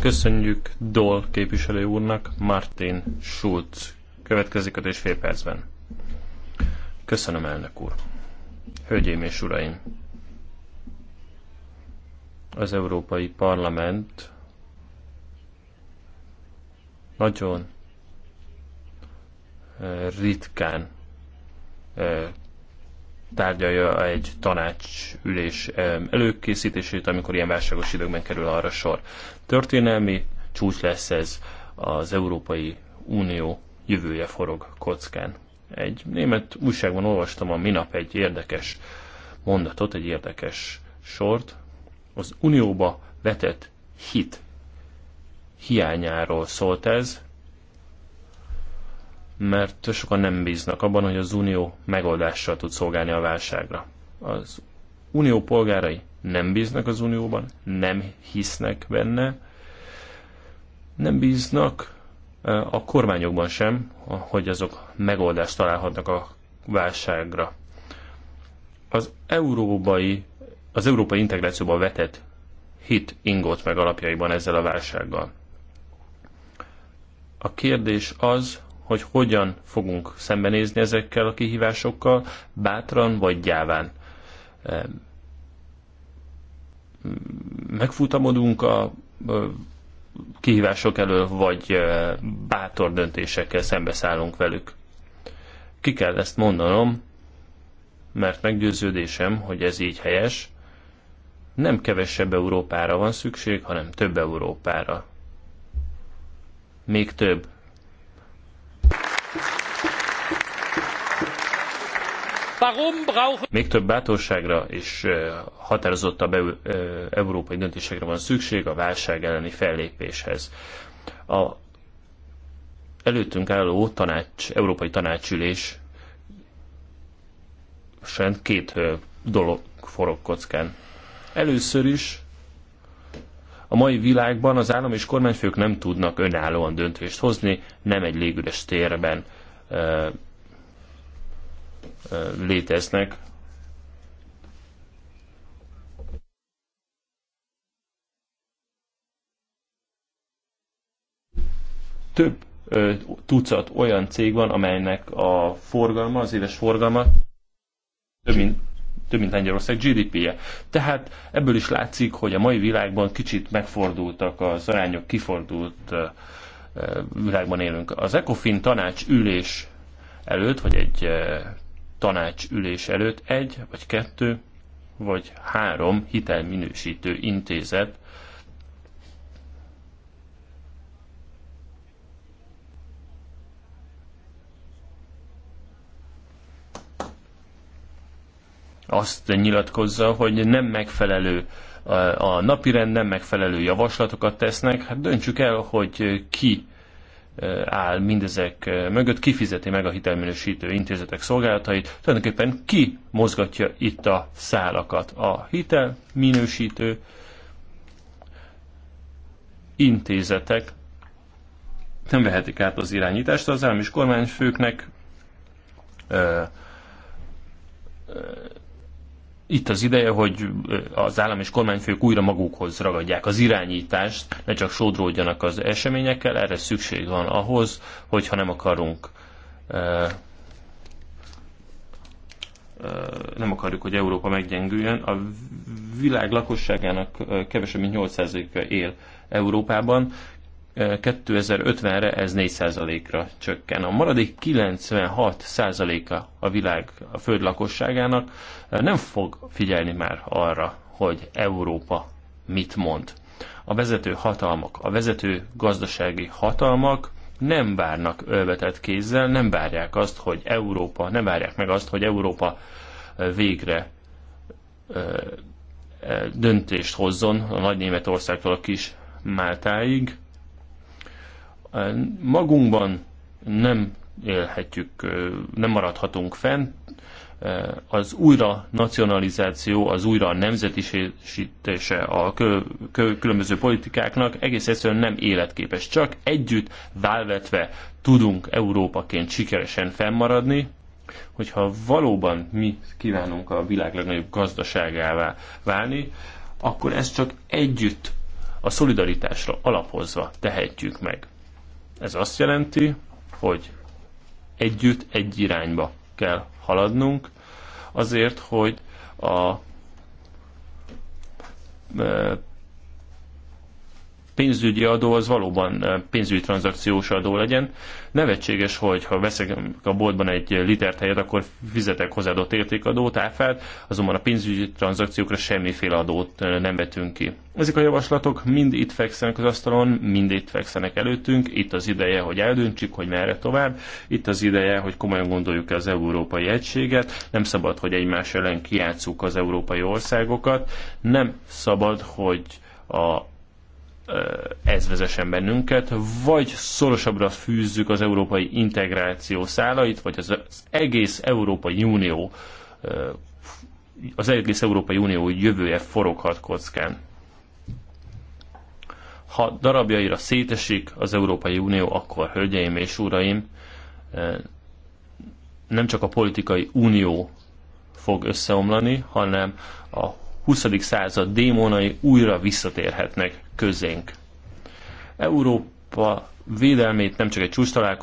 Köszönjük Dol képviselő úrnak, Martin Schulz. Következik öt és fél percben. Köszönöm, elnök úr. Hölgyeim és uraim! Az Európai Parlament nagyon eh, ritkán eh, tárgyalja egy tanácsülés előkészítését, amikor ilyen válságos időkben kerül arra sor. Történelmi csúcs lesz ez az Európai Unió jövője forog kockán. Egy német újságban olvastam a minap egy érdekes mondatot, egy érdekes sort. Az Unióba vetett hit hiányáról szólt ez, mert sokan nem bíznak abban, hogy az Unió megoldással tud szolgálni a válságra. Az Unió polgárai nem bíznak az Unióban, nem hisznek benne, nem bíznak a kormányokban sem, hogy azok megoldást találhatnak a válságra. Az európai, az európai integrációba vetett hit ingott meg alapjaiban ezzel a válsággal. A kérdés az, hogy hogyan fogunk szembenézni ezekkel a kihívásokkal, bátran vagy gyáván. Megfutamodunk a kihívások elől, vagy bátor döntésekkel szembeszállunk velük. Ki kell ezt mondanom, mert meggyőződésem, hogy ez így helyes. Nem kevesebb Európára van szükség, hanem több Európára. Még több Még több bátorságra és határozottabb európai döntésekre van szükség a válság elleni fellépéshez. A előttünk álló tanács, európai tanácsülés sen két dolog forog kockán. Először is a mai világban az állam és kormányfők nem tudnak önállóan döntést hozni, nem egy légüres térben léteznek. Több tucat olyan cég van, amelynek a forgalma, az éves forgalma több mint, több mint Lengyelország GDP-je. Tehát ebből is látszik, hogy a mai világban kicsit megfordultak az arányok, kifordult világban élünk. Az ECOFIN tanács ülés előtt, vagy egy Tanács ülés előtt egy, vagy kettő, vagy három hitelminősítő intézet azt nyilatkozza, hogy nem megfelelő a napirend, nem megfelelő javaslatokat tesznek. Hát döntsük el, hogy ki áll mindezek mögött, kifizeti meg a hitelminősítő intézetek szolgálatait, tulajdonképpen ki mozgatja itt a szálakat. A hitelminősítő intézetek nem vehetik át az irányítást, az állam és kormányfőknek itt az ideje, hogy az állam és kormányfők újra magukhoz ragadják az irányítást, ne csak sodródjanak az eseményekkel, erre szükség van ahhoz, hogyha nem akarunk nem akarjuk, hogy Európa meggyengüljön. A világ lakosságának kevesebb, mint 8%-a él Európában. 2050-re ez 4%-ra csökken. A maradék 96%-a a világ a föld lakosságának eh, nem fog figyelni már arra, hogy Európa mit mond. A vezető hatalmak, a vezető gazdasági hatalmak nem várnak ölvetett kézzel, nem várják azt, hogy Európa, nem várják meg azt, hogy Európa eh, végre eh, döntést hozzon a nagy Németországtól a kis Máltáig, magunkban nem élhetjük, nem maradhatunk fent. Az újra nacionalizáció, az újra nemzetisítése a különböző politikáknak egész egyszerűen nem életképes. Csak együtt válvetve tudunk Európaként sikeresen fennmaradni, hogyha valóban mi kívánunk a világ legnagyobb gazdaságává válni, akkor ezt csak együtt a szolidaritásra alapozva tehetjük meg. Ez azt jelenti, hogy együtt egy irányba kell haladnunk, azért, hogy a e, pénzügyi adó az valóban pénzügyi tranzakciós adó legyen. Nevetséges, hogy ha veszek a boltban egy litert helyet, akkor fizetek hozzáadott értékadót, áfát, azonban a pénzügyi tranzakciókra semmiféle adót nem vetünk ki. Ezek a javaslatok mind itt fekszenek az asztalon, mind itt fekszenek előttünk, itt az ideje, hogy eldöntsük, hogy merre tovább, itt az ideje, hogy komolyan gondoljuk az európai egységet, nem szabad, hogy egymás ellen kiátszuk az európai országokat, nem szabad, hogy a ez vezessen bennünket, vagy szorosabbra fűzzük az európai integráció szálait, vagy az, egész Európai Unió az egész Európai Unió jövője foroghat kockán. Ha darabjaira szétesik az Európai Unió, akkor, hölgyeim és uraim, nem csak a politikai unió fog összeomlani, hanem a 20. század démonai újra visszatérhetnek közénk. Európa védelmét nem csak egy csúcs